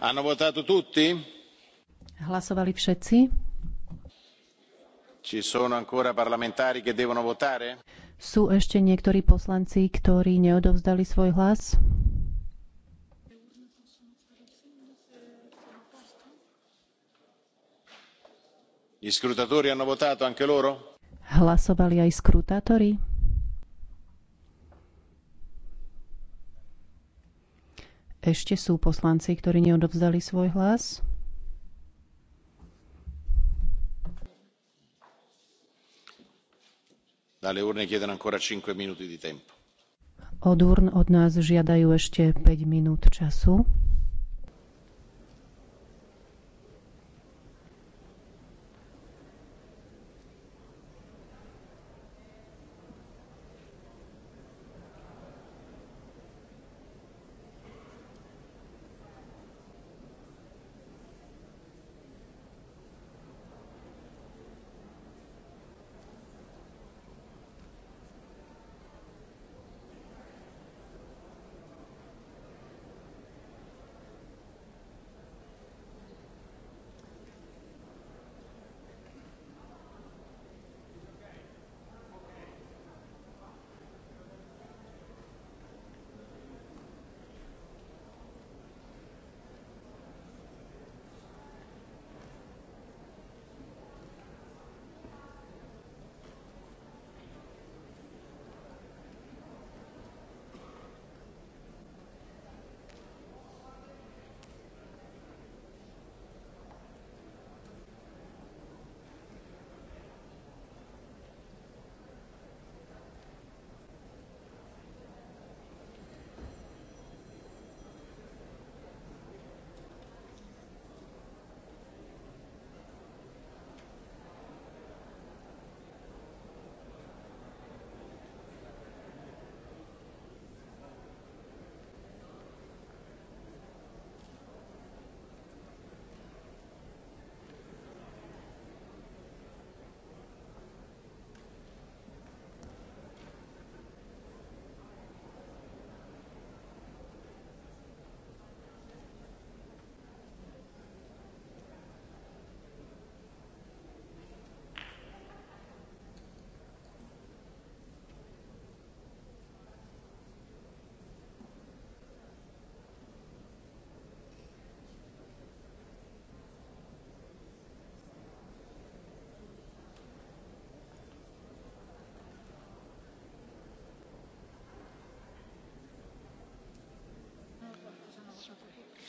Hanno votato tutti? Hlasovali všetci? Ci sono ancora parlamentari che devono votare? Sú ešte niektorí poslanci, ktorí neodovzdali svoj hlas? Gli scrutatori hanno votato anche loro? Hlasovali aj skrutátori? Ešte sú poslanci, ktorí neodovzdali svoj hlas. Dalle urne chiedono ancora 5 minuti di tempo. Od urn od nás žiadajú ešte 5 minút času.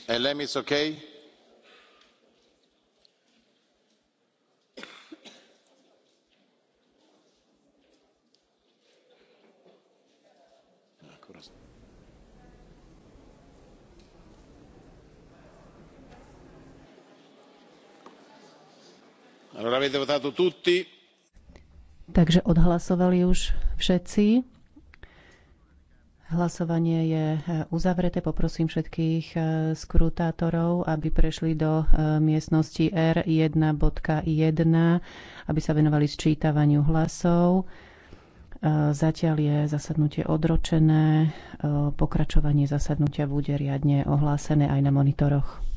elem is okay? Takže odhlasovali už všetci. Hlasovanie je e, uzavreté. Poprosím všetkých e, skrutátorov, aby prešli do e, miestnosti R1.1, aby sa venovali sčítavaniu hlasov. Zatiaľ je zasadnutie odročené. Pokračovanie zasadnutia bude riadne ohlásené aj na monitoroch.